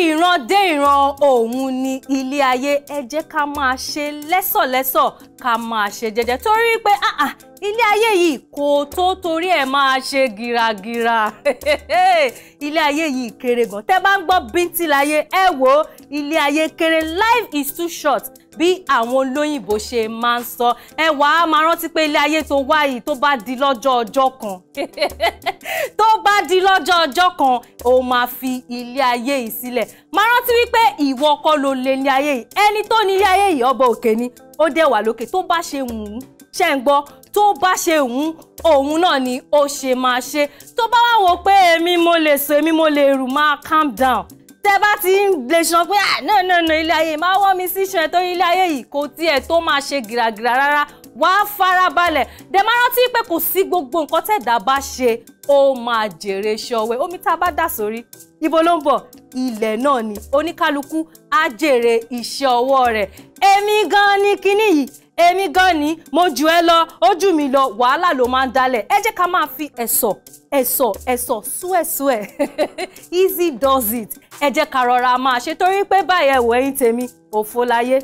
ìran dé ìran òun ni ilé ayé ẹ jẹ́ ká máa ṣe lẹ́sọ̀lẹ́sọ̀ ká máa ṣe jẹ́jẹ́ torí pé ah, ah, ilé ayé yìí kò tó torí ẹ̀ máa ṣe gìràgìrà ilé ayé yìí kéré gan tẹ́ bá ń gbọ́ bíntín láyé ẹ wo ilé ayé kéré life is too short bí àwọn olóyìnbó ṣe máa ń sọ ẹ wà á máa rántí pé ilé ayé tó wá yìí tó bá di lọ́jọ́ ọjọ́ kan tó bá di lọ́jọ́ ọjọ́ kan ó máa fi ilé ayé yìí sílẹ̀ máa rántí wípé ìwọ kọ́ ló lè ní ayé yìí ẹni tó ní ilé ayé yìí ọba òkè ni ó dẹ̀ lókè tó bá ṣe wù ú ṣẹ́ ń gbọ́ tó bá ṣe òun òun náà ni ó ṣe máa ṣe tó bá wà wò pé èmi mo lè sọ èmi mo lè rù máa calm down tẹ bá ti ń lè sọ pé ah no no no ilé ayé máa wọ́n mi sí ṣan torí ilé ayé yìí kò tiẹ̀ tó máa ṣe gìràgìrà rárá wà á farabalẹ̀ dẹ̀ máa rántí pé kò sí gbogbo nǹkan tẹ̀dá bá ṣe ó máa jèrè ṣọwẹ́ omi tá a bá dà sórí ibo ló ń bọ̀ ilẹ̀ náà ni oníkálukú á jèrè iṣẹ́ ọwọ́ rẹ̀ èmi gan ni kinní yìí èmi gan ni mo jù ẹ lọ ó jù mí lọ wàhálà ló máa ń dalẹ̀ ẹ jẹ́ ká máa fi ẹ̀sọ̀ ẹ̀sọ̀ ẹ̀sọ̀ súẹ̀súẹ̀ easy does it ẹ jẹ́ ká rọra máa ṣe torí pé báyẹn ẹ̀wọ̀ ẹ̀yìn tèmi òfo láyé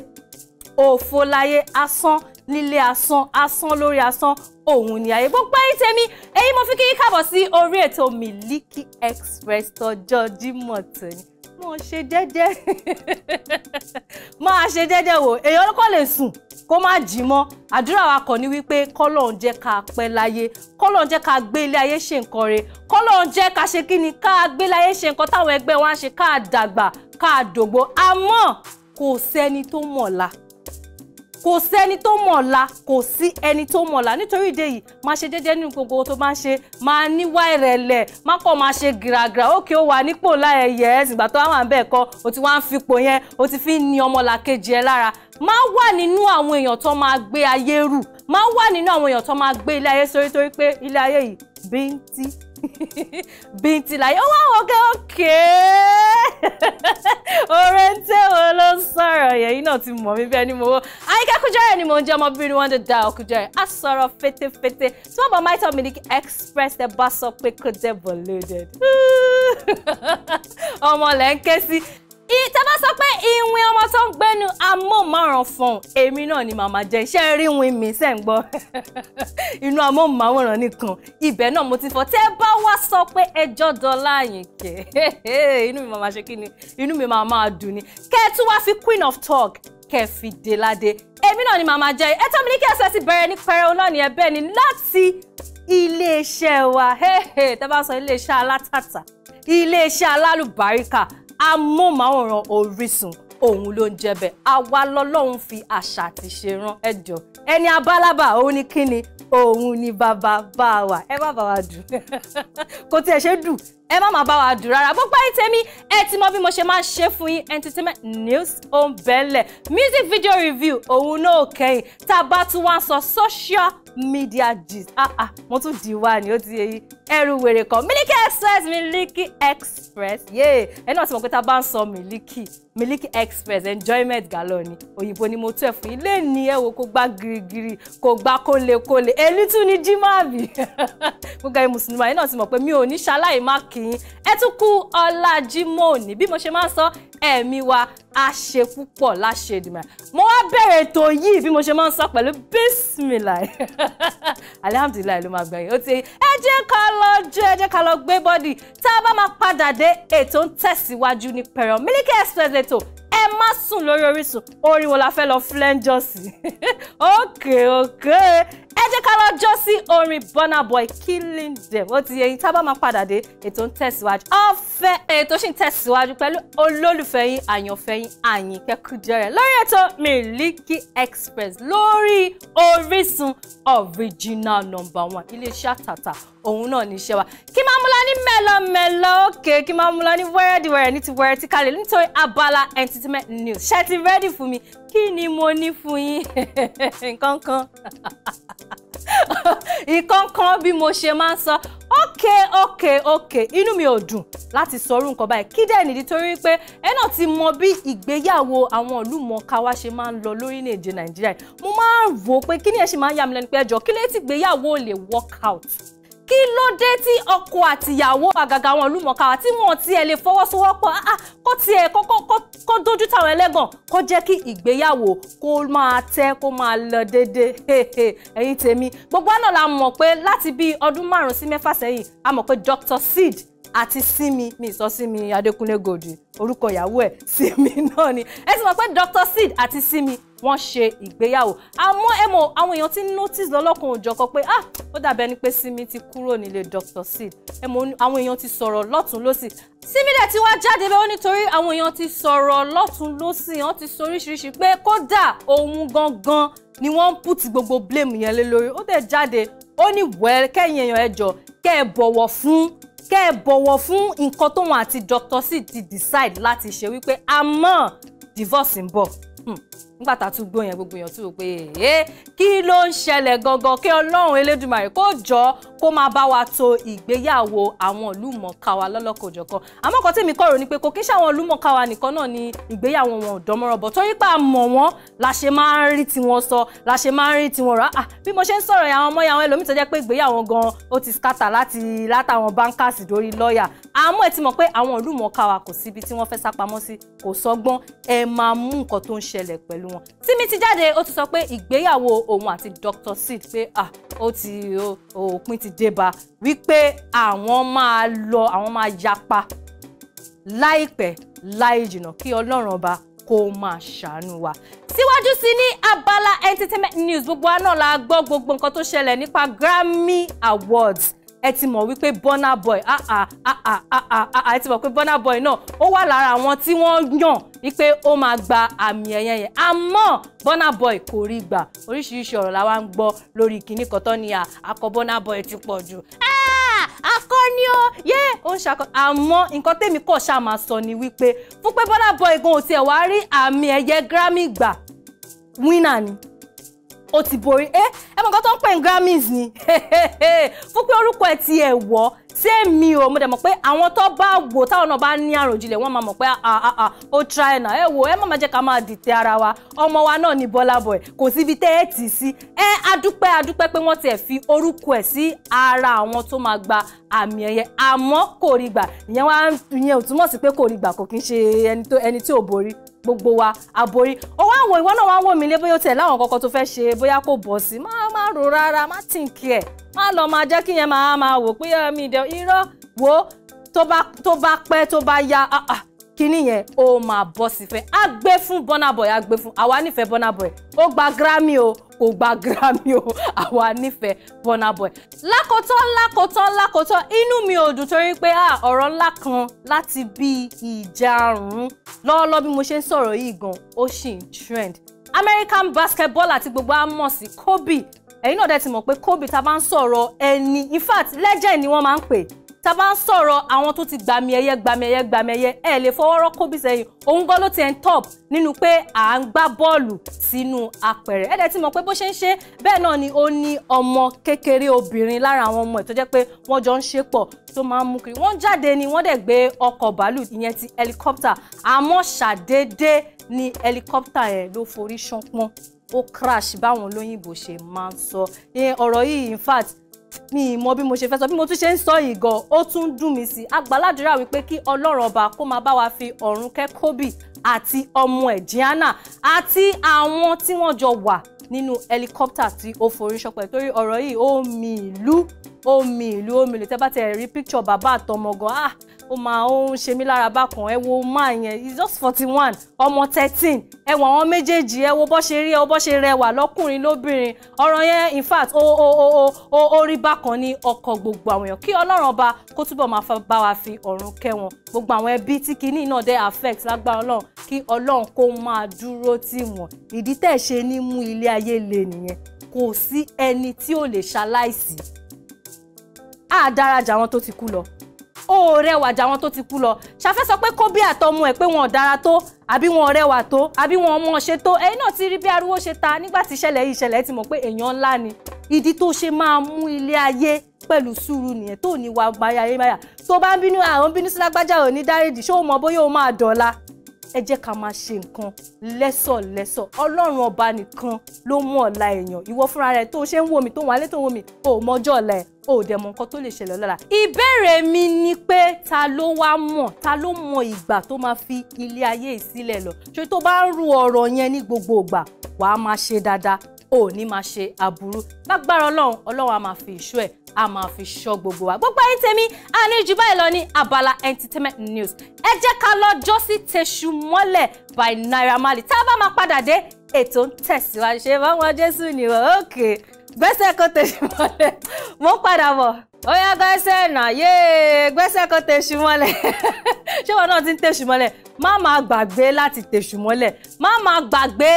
òfo láyé asán nílé asán asán lórí asán òun ni ayé gbogbo ayé tèmi èyí mo fi kí yín káàbọ̀ sí orí ètò Miliki Express tọjọ́ Jímọ̀ tèmi mo ṣe dẹ́dẹ́ máa ṣe dẹ́dẹ́ wò èèyàn kò lè sùn kó má jí mọ́ àdúrà wa kàn ní wípé kọ́lọ́run jẹ́ ká pẹ́ láyé kọ́lọ́run jẹ́ ká gbé ilé ayé ṣe nǹkan re kọ́lọ́run jẹ́ ká ṣe kí ni ká gbé ilé ayé ṣe nǹkan táwọn ẹgbẹ́ wa ṣe ká dàgbà ká dògbò àmọ́ kò sẹ́ni tó mọ̀la kò sẹ́ni tó mọ̀ ọ̀la kò sí ẹni tó mọ̀ ọ̀la nítorí ìdí èyí máa ṣe jẹ́jẹ́ nínú gbogbo tó máa ń ṣe máa níwá ìrẹ̀lẹ̀ má kọ̀ máa ṣe gìràgìrà òkè ó wà nípò láyẹ yẹ́s ìgbà tó wà ń bẹ̀ kọ́ o ti wá ń fipò yẹn o ti fi ń ni ọmọlàkejì ẹ lára má wà nínú àwọn èèyàn tó máa gbé ayé rù má wà nínú àwọn èèyàn tó máa gbé ilé ayé sórí torí pé ilé ayé yìí bíntín bíntín láyé ó wá wọ́n gẹ́ òkè orente wo ló ń sọ̀rọ̀ yẹn yìí náà ti mọ̀ mí bẹ́ẹ̀ ni mo wò Àyìnkẹ́ Kújẹ́rẹ́ ni mo ń jẹ́ ọmọbìnrin wọn dé da ọkùjẹ́rẹ́ á sọ̀rọ̀ fetefete tí wọ́n bọ̀ Mile Twelve Miliki Express tẹ bá sọ pé kò jẹ́ bọ̀ loaded ọmọ lẹ́ ń sí yìí tẹ́ bá sọ pé ìwìn ọmọ tó ń gbẹnu amóhùnmáwòrán fún èmi náà ni màmá jẹ iṣẹ́ rí win mi ṣe ń gbọ́ inú amóhùnmáwòrán nìkan ibẹ̀ náà mo ti fọ tẹ́ bá wá sọ pé ẹjọ́ dọ́là àyìnkẹ́ inú mi màmá ṣe kí ni inú mi màmá dùn ni kẹ́ tún wá fi queen of talk kẹ́ fi dé ládé èmi náà ni màmá jẹ ẹ̀tọ́ mi ní kí ẹsẹ̀ ti bẹ̀rẹ̀ ní pẹrẹu náà ni ẹ̀bẹ̀ ni láti iléeṣẹ́ wa tẹ́ bá sọ iléeṣẹ́ alátàtà iléeṣẹ́ alálùbáríkà amóhùnmáwòrán Orísun òun ló ń jẹ bẹ́ẹ̀ àwa lọ́lọ́run fi àṣà àti ṣe rán ẹjọ ẹni abálábà òun ni kíni òun ni bàbá bá wa ẹ má bàbá dùn kò tiẹ̀ ṣe dùn ẹ má má bá wa dùn rárá bó parí tèmi ẹ ti mọ bí mo ṣe máa ṣe fún yín entertainment news on music video review òun náà kẹ́yìn tá a bá tún wá sọ social media gist ah ah mo tún di wá ni ó ti yẹ ẹrù wèrè kan Miliki Express Miliki Express yéè ẹ náà ti mọ̀ pé tá a bá ń sọ Miliki Miliki Express enjoyment galọ ni òyìnbó ni mo tún ẹ̀ fún yín lè ní ẹ wo kó gbá girigiri kó gbá kólekóle èlítú ni jimabi gbogbo ẹ mùsùlùmí ẹ náà ti mọ̀ pé mi ò ní ṣaláì má kí kí yín ẹ tún kú ọlá Jímọ̀ bí mo ṣe máa ń sọ ẹ̀mí wa á ṣe púpọ̀ láṣẹ ìdìmọ̀ mo wá bẹ̀rẹ̀ ètò yìí bí mo ṣe máa ń sọ pẹ̀lú bísmìláì alihamudulilayi ló máa gbẹ̀yìn ó ti ẹ jẹ́ ká lọ jẹ́ ẹ jẹ́ ká lọ gbé bọ́dì tá a bá máa padà dé ètò ń tẹ̀síwájú ní pẹ̀rọ̀ Miliki Express ètò ẹ má sùn lórí Orísun orin wo la fẹ́ lọ fúlẹ́ńjọ́sì ókè ókè ẹ jẹ́ ká lọ jọ́ sí orin Burna Boy Killing Them ó ti yẹ yín tá a bá máa padà dé ètò ń tẹ̀síwájú ọ̀fẹ́ ètò sì ń tẹ̀síwájú pẹ̀lú olólùfẹ́ yín àyànfẹ́ yín Àyìnkẹ́ Kúdírẹ̀ lórí ètò Miliki Express lórí Orísun original number one iléeṣẹ́ àtàtà òun náà ní iṣẹ́ wa kí máa múlá ní mẹ́lọmẹ́lọ òkè kí máa múlá ní wẹ́rẹ́díwẹ́rẹ́ ní ti wẹ́rẹ́ tí kalẹ̀ nítorí abala entertainment news ṣe ti rẹ́dì fún mi kí ni mo ní fún yín nǹkan kan nǹkan kan bí mo ṣe máa ń sọ ok ok ok inú mi ò dùn láti sọrú nǹkan báyìí kí dẹ̀ nìdí torí pé ẹ náà ti mọ bí ìgbéyàwó àwọn ìlú wa ṣe máa ń lọ lórílẹ̀‐èdè nàìjíríà mo máa ń wò ó pé kí ni ẹ ṣe máa ń yà mí lẹ́nu pé ẹjọ́ kí lè ti gbéyàwó lè work out kí ló dé tí ọkọ àtìyàwó àgàgà àwọn olùmọ̀ọ́ká wa tí wọ́n tiẹ̀ lè fọwọ́sowọ́pọ̀ ah, ah, kó tiẹ̀ kó dojú táwọn ẹlẹ́gàn kó jẹ́ kí ìgbéyàwó kó máa tẹ́ kó máa lọ dédé ẹ̀yin tèmi gbogbo àná la mọ̀ pé láti bí ọdún márùn-ún sí mẹ́fà sẹ́yìn a mọ̀ pé Dr. Seed àti Simi mi sọ Simi Adékúnlé Gold orúkọ ìyàwó ẹ̀ Simi náà ni ẹ sì mọ̀ pé Dr. Seed àti Simi wọ́n ṣe ìgbéyàwó àmọ́ ẹ mọ̀ àwọn èèyàn ti notice lọ́lọ́kan òjọ̀kan pé ah ó dàbẹ̀ ni pé Simi ti kúrò nílé Dr. Sid ẹ mọ̀ àwọn èèyàn ti sọ̀rọ̀ lọ́tún lọ́sì Simi dẹ̀ ti wá jáde bẹ́ẹ̀ ó nítorí àwọn èèyàn ti sọ̀rọ̀ lọ́tún lọ́sì wọ́n ti sọ oríṣiríṣi pé kódà òun gangan ni wọ́n ń put gbogbo blame yẹn lé lórí ó dẹ̀ jáde ó ní wẹ́ẹ́ kẹ́yìn èèyàn ẹ jọ kẹ́ ẹ bọ̀wọ̀ fún kẹ́ ẹ bọ̀wọ̀ fún nǹkan tóun àti Dr. Sid ti decide láti ṣe wípé àmọ́ divorce ń bọ̀ nígbà tá a tún gbọ́ yẹn gbogbo èèyàn tún rò pé ee kí ló ń ṣẹlẹ̀ gangan kí ọlọ́run elédùmarè kó jọ kó máa bá wa to ìgbéyàwó àwọn ìlúmọ̀ọ́ká wa lọ́lọ́kọ̀ọ́jọ̀kan àmọ́ kan tèmi kọ̀rò ni pé kò kí ṣàwọn ìlúmọ̀ọ́ká wa nìkan náà ni ìgbéyàwó wọn ò dánmọ́rọ̀bọ̀ torí pé a mọ̀ wọ́n la ṣe máa ń rí tiwọn sọ la ṣe máa ń rí tiwọn rà á ah, bí mo ṣe ń sọ̀rọ̀ àwọn ọmọ yàwọn ẹlòmíì tó jẹ́ pé ìgbéyàwó gan ó ti skata láti látàwọn bankers dórí lọ́ọ̀yà àmọ́ ẹ ti mọ̀ pé àwọn ìlú mọ̀ọ́ká wa kò síbi tí wọ́n fẹ́ sá pamọ́ sí kò sọ́gbọ́n ẹ máa mú nǹkan tó ń ṣẹlẹ̀ pẹ̀lú wọn tími ti jáde ó ti sọ pé ìgbéyàwó òun àti Dr. Sid pé ah ó ti òpin ti dé bá wípé àwọn máa lọ àwọn máa yapa láìpẹ́ láì jìnnà kí ọlọ́run ọba kó máa ṣàánú wa síwájú sí ní abala entertainment news gbogbo wa la gbọ́ gbogbo nǹkan tó ṣẹlẹ̀ nípa Grammy Awards ẹ ti mọ̀ wípé Burna Boy ah ah ah, ah ah ah ah ah ẹ ti mọ̀ pé Burna Boy náà ó wà lára àwọn tí wọ́n yàn wípé ó máa gba àmì ẹ̀yẹ yẹn àmọ́ Burna Boy kò rí gbà oríṣiríṣi ọ̀rọ̀ la wá ń gbọ́ lórí kìíní kọ́tọ́ ni àkọ́ Burna Boy ti pọ̀ jù akọni o yé ó ń ṣakọ àmọ́ nǹkan tèmi kọ ṣáà máa sọ ni wípé fún pé Burna Boy gan ò tiẹ̀ wá rí àmì ẹ̀yẹ Grammy gbà winner ni O ti borí ẹ eh, ẹ mọ̀ nǹkan tó ń pè ní Grammys ni fún pé orúkọ ẹ̀ ti ẹ̀ wọ́ ṣé mi ò mo dẹ̀ mọ̀ pé àwọn tó bá wò táwọn náà bá ní àròjinlẹ̀ wọ́n máa mọ̀ pé àà ah, ah, ah, ó tra ẹ̀ náà ẹ wò ẹ má máa jẹ́ ká máa dìtẹ̀ ara wa ọmọ wa náà ní Bọ́lá Bọ̀ẹ̀ kò síbi tẹ́ ẹ tì sí ẹ adúpẹ́ adúpẹ́ pé wọ́n tiẹ̀ fi orúkọ ẹ̀ sí ara àwọn tó máa gba àmì ẹ̀yẹ àmọ́ kò rí gbà ìyẹn wá ìyẹn ò túmọ̀ sí pé kò rí gbà kò kí ń ṣe ẹni tí ò borí gbogbo wa aborí ọwọ́ àwọn ìwọ náà wá ń wò mí lé bóyá ó tẹ̀ láwọn kọ̀ọ̀kan tó fẹ́ ṣe bóyá kò bọ̀ sí má má rò rárá má tìǹkì ẹ̀ má lọ máa jẹ́ kí yẹn máa máa wò pé mi ìdẹ̀ irọ́ wo tó bá pẹ́ tó bá ya ah, ah, kíní yẹn ó máa bọ́ sí fẹ́ á gbé fún Burna Boy á gbé fún àwa nífẹ̀ẹ́ Burna Boy ó gba Grammy o kò gba grammy o àwa nífẹ̀ẹ́ burna boy. lákòótán lákòótán lákòótán inú mi ò dùn torí pé ọ̀rọ̀ ńlá kan láti bí ìjarun lọ́wọ́lọ́wọ́ bí mo ṣe ń sọ̀rọ̀ yìí gan ó trend. American basketball àti gbogbo á mọ̀ sí Kobe ẹ̀yin náà dẹ̀ ti mọ̀ pé Kobe ta bá ń sọ̀rọ̀ ẹni in fact legend ni wọ́n máa ń pè é tá a bá ń sọ̀rọ̀ àwọn tó ti gbàmì ẹ̀yẹ gbàmì ẹ̀yẹ gbàmì ẹ̀yẹ ẹ̀ lè fọwọ́rọ́ kóbì sẹ́yìn òun gan ló ti ẹ̀ ń top nínú pé à ń gbá bọ́ọ̀lù sínú apẹ̀rẹ̀ ẹ̀ dẹ̀ ti mọ̀ pé bó ṣe ń ṣe bẹ́ẹ̀ náà ni ó ní ọmọ kékeré obìnrin lára àwọn ọmọ ẹ̀ tó jẹ́ pé wọ́n jọ ń ṣe pọ̀ tó máa ń mú kiri wọ́n jáde ni wọ́n dẹ̀ gbé ọkọ̀ bàálù ìyẹn ti helicopter àmọ́ ṣàdédé ni helicopter yẹn ló forí ṣánpọ́n ó crash báwọn olóyìnbó ṣe máa ń sọ ọ̀rọ̀ yìí in fact mi mọ bí mo ṣe fẹ́ sọ bí mo tún ṣe ń sọ yìí gan ó tún dùn mí sí agbáládùúrà wípé kí ọlọ́run ọba kó máa bá wa fi ọ̀run kẹ́ Kobe àti ọmọ ẹ̀ Gianna àti àwọn tí wọ́n jọ wà nínú ẹlikọ́pítà tí ó forí ṣọpẹ́ torí ọ̀rọ̀ yìí ó mi ìlú ó mi ìlú ó mi ìlú tẹ́ bá tẹ̀ rí píkṣọ̀ bàbá àtọmọ gan ah ó máa ń ṣe mí lára bákan ẹ wo máa yẹn he's just forty one ọmọ thirteen ẹ wo àwọn méjèèjì ẹ wo bó ṣe rí ẹ wo bó ṣe rẹwà lọ́kùnrin lóbìnrin ọ̀rọ̀ yẹn in fact ó ó ó ó ó rí bákan ní ọkọ̀ gbogbo àwọn èèyàn kí ọlọ́run ọba kó túbọ̀ máa bá wa fi ọ̀run kẹ́ wọn gbogbo àwọn ẹbí tí kinní náà dé affect lágbára ọlọ́run kí ọlọ́run kó máa dúró tì wọ́n ìdí tẹ̀ ṣe ní mú ilé ayé le nìyẹn kò sí ẹni tí ò lè ṣaláìsí àdárajà àwọn tó ti kú lọ ó rẹwà jà wọn tó ti kú lọ ṣàfẹ́ sọ pé kó bí àtọmọ ẹ̀ pé wọn ò dára tó àbí wọn ò rẹwà tó àbí wọn ọmọ ṣe tó ẹ̀yin náà ti rí bí ariwo ṣe ta nígbà tí ìṣẹ̀lẹ̀ yìí ìṣẹ̀lẹ̀ ti mọ̀ pé èèyàn ńlá ni ìdí tó ṣe máa mú ilé ayé pẹ̀lú sùúrù nìyẹn tó ní wa bayayébáyà tó bá ń bínú àwọn bínú sí lágbájá ò ní ṣé o mọ bóyá o máa dọ̀la ẹ jẹ́ ká máa ṣe nǹkan lẹ́sọ̀lẹ́sọ̀ ọlọ́run ọba nìkan ló mọ̀ ọ̀la èèyàn ìwọ fúnra rẹ tó ṣe ń wò mí tó wà lé tó ń wò mí ò mọjọ́ ọ̀la ẹ̀ ò dẹ̀ mọ nǹkan tó lè ṣẹlẹ̀ lọ́la. ìbéèrè mi ni pé ta ló wá mọ̀ ta ló mọ ìgbà tó máa fi ilé ayé ìsílẹ̀ lọ ṣé tó bá ń ru ọ̀rọ̀ yẹn ní gbogbo ìgbà wàá máa ṣe dáadáa ò ní máa ṣe aburú lágbára ọlọ́run ọlọ́run á máa fi ìṣó ẹ̀ a máa fi ṣọ́ gbogbo wa gbogbo ayé tèmi a jù báyìí lọ ní abala entertainment news ẹ jẹ́ ká lọ jọ́sí tẹ̀sù mọ́lẹ̀ by Naira Marley tá a bá máa padà dé ètò ń tẹ̀síwájú ṣe bá wọn jésù nìwọ̀n òkè gbẹ́sẹ̀ kó tẹ̀sù mọ́lẹ̀ mo padà bọ̀ ó yá gbẹ́sẹ̀ nà yéé gbẹ́sẹ̀ kan tẹ̀sù mọ́lẹ̀ ṣé wọn náà ti ń tẹ̀sù mọ́lẹ̀ má máa gbàgbé láti tẹ̀sù mọ́lẹ̀ má máa gbàgbé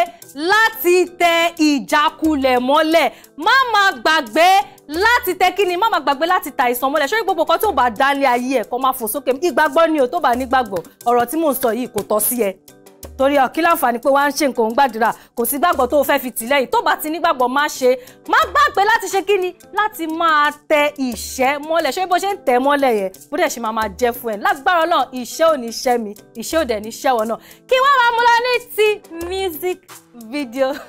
láti tẹ ìjákulẹ̀ mọ́lẹ̀ má máa gbàgbé láti tẹ kí ni má máa gbàgbé láti ta ìsàn mọ́lẹ̀ sórí gbogbo kan tó bá dá ní ayé ẹ̀ kó máa fò sókè ìgbàgbọ́ ni o tó bá nígbàgbọ́ ọ̀rọ̀ tí mò ń sọ yìí kò tọ́ sí ẹ torí ọ̀kí láǹfààní pé wàá ń ṣe nǹkan gbàdúrà kò sí gbàgbọ́ tó o fẹ́ fi tì lẹ́yìn tó bá ti nígbàgbọ́ má ṣe má gbàgbé láti ṣe kí ni láti máa tẹ ìṣẹ́ mọ́lẹ̀ ṣé bó ṣe ń tẹ̀ mọ́lẹ̀ yẹn bó mi ìṣẹ́ ò dẹ̀ ní ṣẹ́ wọn náà music video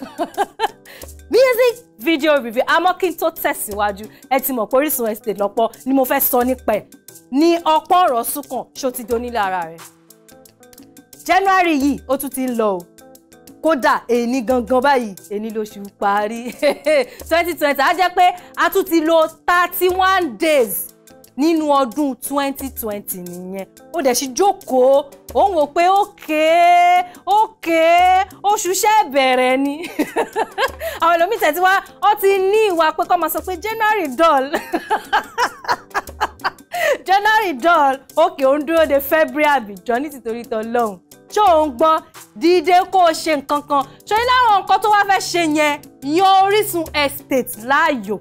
music video review àmọ́ kí n tó tẹ̀síwájú ẹ ti mọ̀ pé Orísun Estate lọ́pọ̀ ni mo fẹ́ sọ nípa ẹ̀ ní ọ̀pọ̀ ọ̀rọ̀ Ṣúkàn ṣó ti donílé ara rẹ̀ January yìí ó tún ti ń lọ o kódà èyí gangan báyìí èyí lóṣù parí twenty twenty á jẹ́ pé a tún ti lò thirty one days nínú ọdún 2020 nìyẹn ó dẹ̀ sì jókòó ó ń wò pé ókè ókè oṣù ṣẹ́ bẹ̀rẹ̀ ni àwọn ẹlòmíì tẹ̀ tí wá ó ti ní ìwà pé kọ́ máa sọ pé January doll January doll ókè ó dúró de February àbíjọ ní tìtorí tọ́ lọ́hùn ṣó ò ń gbọ́ dìde kó o ṣe nǹkan kan ṣòyìn láwọn nǹkan tó wá fẹ́ ṣe yẹn yan Orísun estate láàyò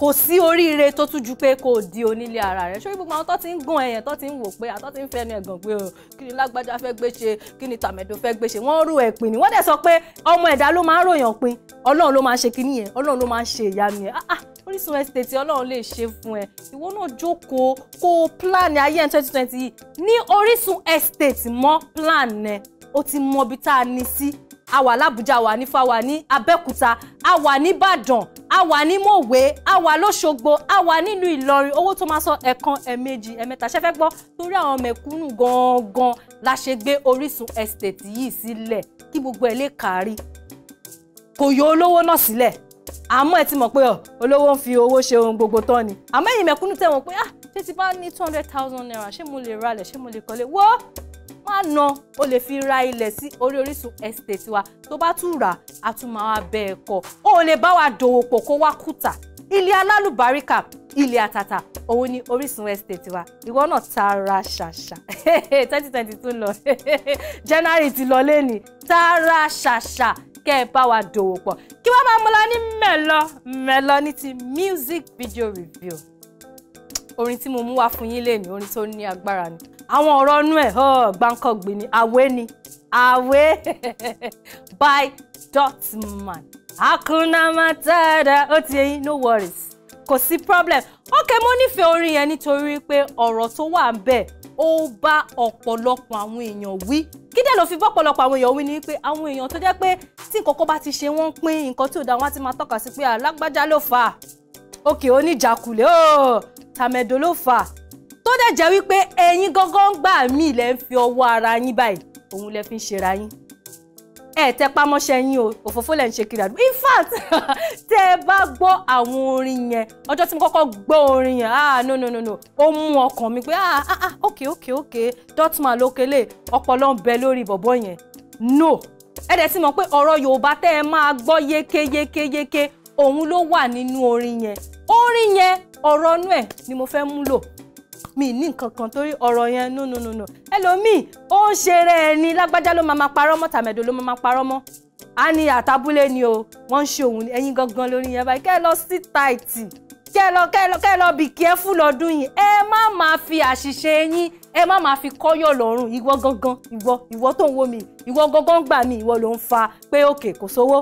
kò sí oríire tó tún ju pé kò di onílé ara rẹ̀ ṣé gbogbo àwọn tó ti ń gún ẹyẹn tó ti ń wò pé àtọ́ ti ń fẹnu ẹ̀gàn pé o kí ni lágbájá fẹ́ gbé ṣe kí ni tàmẹ̀dò fẹ́ gbé ṣe wọ́n rò ẹ̀pìn ni wọ́n dẹ̀ sọ pé ọmọ ẹ̀dá ló máa ń ròyàn pin ọlọ́run ló máa ń ṣe kinní yẹn ọlọ́run ló máa ń ṣe ìyanu yẹn ah ah Orísun estate ọlọ́run lè ṣe fún ẹ ìwọ náà jókòó kó o plan ayé ẹ twenty twenty yìí ní Orísun estate mọ́ plan ẹ o ti mọ ibi tá a ní sí a wà lábújá a wà ní fáwa ní abẹ́òkúta a wà nìbàdàn a wà ní mòwe a wà lọ́ṣogbo a wà nínú ìlọrin owó tó máa sọ ẹ̀kan ẹ̀mejì ẹ̀mẹ́ta ṣe fẹ́ gbọ́ torí àwọn mẹ̀kúnnù gangan la ṣe gbé orísun estate yìí sílẹ̀ kí gbogbo ẹ̀ lè kárí kò yọ olówó náà sílẹ̀ àmọ́ ẹ ti mọ̀ pé olówó ń fi owó ṣe ohun gbogbo tán ni àmọ́ ẹ̀yin mẹ̀kúnnù tẹ̀wọ̀n pé ah, ṣé ti bá ní two hundred thousand naira ṣé mo lè ralẹ̀ ṣé mo lè kọ́lé wọ́ọ́ má na o lè fi ra ilẹ̀ sí orí Orísun estate wa tó bá tún rà á tún máa wá bẹ́ẹ̀ kọ́ o lè bá wa dòwò pọ̀ kó wá kùtà ilé alálùbáríkà ilé àtàtà òun ni Orísun estate wa ìwọ náà tààrà ṣàṣà twenty twenty two lọ January ti lọ lẹ́ni tààrà ṣàṣà kẹ́ ẹ bá wa dòwò pọ̀ kí wọ́n máa mú lọ ní mẹ́lọ mẹ́lọ ní ti music video review orin tí mo mú wá fún yín lẹ́ni orin tó ní agbára ni àwọn ọ̀rọ̀ inú ẹ̀ gbáǹkọ̀gbìn ni àwé ni àwé by dotman akunamatada ó ti yẹn no worries kò sí problem ok mo nífẹ̀ẹ́ orin yẹn nítorí pé ọ̀rọ̀ tó wà ń bẹ̀ ó bá ọ̀pọ̀lọpọ̀ àwọn èèyàn wí kí dẹ̀ ló fi bọ́pọ̀lọpọ̀ àwọn èèyàn wí ni pé àwọn èèyàn tó jẹ́ pé tí nǹkan kan bá ti ṣe wọ́n ń pín nǹkan tí ò da wọ́n á ti máa tọ́ka sí pé alágbájá ló fà á òkè oníjàkulẹ̀ ó tàmẹ̀dò ló fà á tó dẹ̀ jẹ́ wípé ẹ̀yin gangan ń gbà mí lẹ́ ń fi ọwọ́ ara yín báyìí òun lẹ́ fi ń ṣera yín ẹ tẹ pamọ́ṣẹ́ yín o òfófó lẹ́ ń ṣe kiri àdúgbò in fact tẹ ẹ bá gbọ́ àwọn orin yẹn ọjọ́ tí mo kọ́kọ́ gbọ́ orin yẹn ah no no no no ó mú ọkàn mi pé ah ah ah ok ok ok dotman lókèlè ọpọlọ ń bẹ lórí bọ̀bọ̀ yẹn no ẹ dẹ̀ ti mọ̀ pé ọ̀rọ̀ Yorùbá tẹ́ ẹ máa gbọ́ yékéyékéyéké òun ló wà nínú orin yẹn orin yẹn ọ̀rọ̀ inú ẹ̀ ni mo fẹ́ mú lò mi ní nǹkan kan torí ọ̀rọ̀ yẹn no no no no ẹlòmíì ó ń ṣeré ẹni lágbájá ló máa ma parọ́ mọ́ tàmẹ̀dò ló máa ma parọ́ mọ́ a ní àtàbúlé ni o wọ́n ń ṣe òun ẹ̀yin gangan lórí yẹn báyìí kẹ́ ẹ lọ sí tàìtì kẹ́ ẹ lọ kẹ́ ẹ lọ kẹ́ ẹ lọ bì careful lọ́dún yìí ẹ má máa fi àṣìṣe yín ẹ má máa fi kọ́yọ̀ lọ́rùn ìwọ gangan ìwọ ìwọ tó ń wo mi ìwọ gangan gbà mí ìwọ ló ń fa pé òkè kò sówó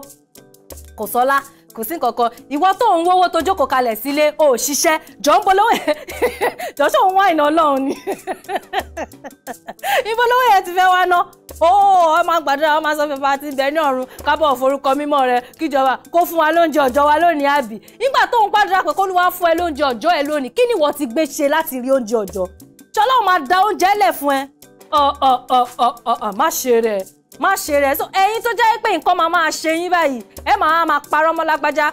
kò sọ́lá kò sí nǹkan kan ìwọ tó ń wówó tó jókòó kalẹ̀ sílé ò ṣiṣẹ́ jọ ń bolówó yẹn jọ ṣó ń wá iná ọlọ́run ni ìbolówó yẹn ti fẹ́ wá ná ó ọ máa ń gbàdúrà ọ máa sọ fífa ti bẹ ní ọ̀run kábọ̀ forúkọ mímọ́ rẹ kíjọba kó fún wa lóúnjẹ ọjọ́ wa lónìí àbí nígbà tó ń gbàdúrà pé kólúwa fún ẹ lóúnjẹ ọjọ́ ẹ lónìí kí ni ìwọ ti gbé ṣe láti rí oúnjẹ ọjọ́ ṣọlá ò máa da oúnjẹ lẹ̀ fún ẹ ọ̀ ọ̀ ọ̀ ọ̀ ọ̀ má ṣe rẹ̀ má ṣe rẹ̀ so ẹ̀yin tó jẹ́ pé nǹkan máa máa ṣe yín báyìí ẹ máa máa parọ́ mọ́ lágbájá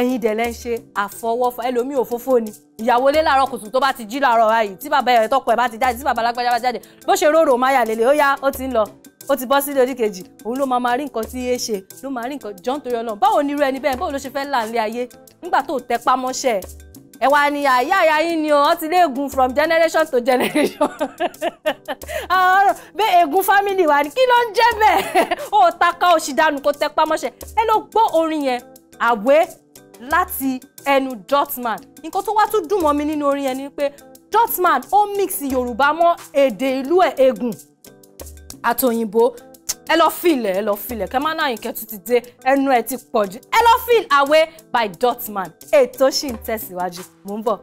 ẹ̀yin dẹ̀ lẹ́ ń ṣe àfọwọ́fọ ẹlòmíì òfófó ni ìyàwó lé láàárọ̀ kùtù tó bá ti jí láàárọ̀ báyìí tí bàbá ẹ̀ tọkọ ẹ̀ bá ti jáde tí bàbá lágbájá bá jáde bó ṣe róró máyà lélẹ̀ ó yá ó ti ń lọ ó ti bọ́ sílé oríkejì òun ló máa máa rí nǹkan tí yéé ṣe ló máa rí nǹkan jọ́ nítorí ọlọ́run báwo ni irú ẹni bẹ́ẹ̀ báwo ló ṣe fẹ́ là ayé nígbà tó tẹpá mọ́ṣẹ́ ẹ wá ní àyà àyà yín ni ọ ti lé egun from generation to generation bẹ́ẹ̀ egun family wa ni kí ló ń jẹ́ bẹ́ẹ̀ ó taka ó sì dànù kó tẹpá mọ́ṣẹ́ ẹ lọ gbọ́ orin yẹn àwẹ́ láti ẹnu Dotman nǹkan tó wá tún dùn mọ́ mi nínú orin yẹn ni pé Dotman ó mix Yorùbá mọ́ èdè ìlú ẹ̀ egun àtòyìnbó ẹ lọ fílẹ̀ ẹ lọ fílẹ̀ kẹ má náà yín kẹtù ti dé ẹnu ẹ ti pọ̀jù ẹ lọ fíl away by Dotman ètò ṣì ń tẹ̀síwájú mò ń bọ̀.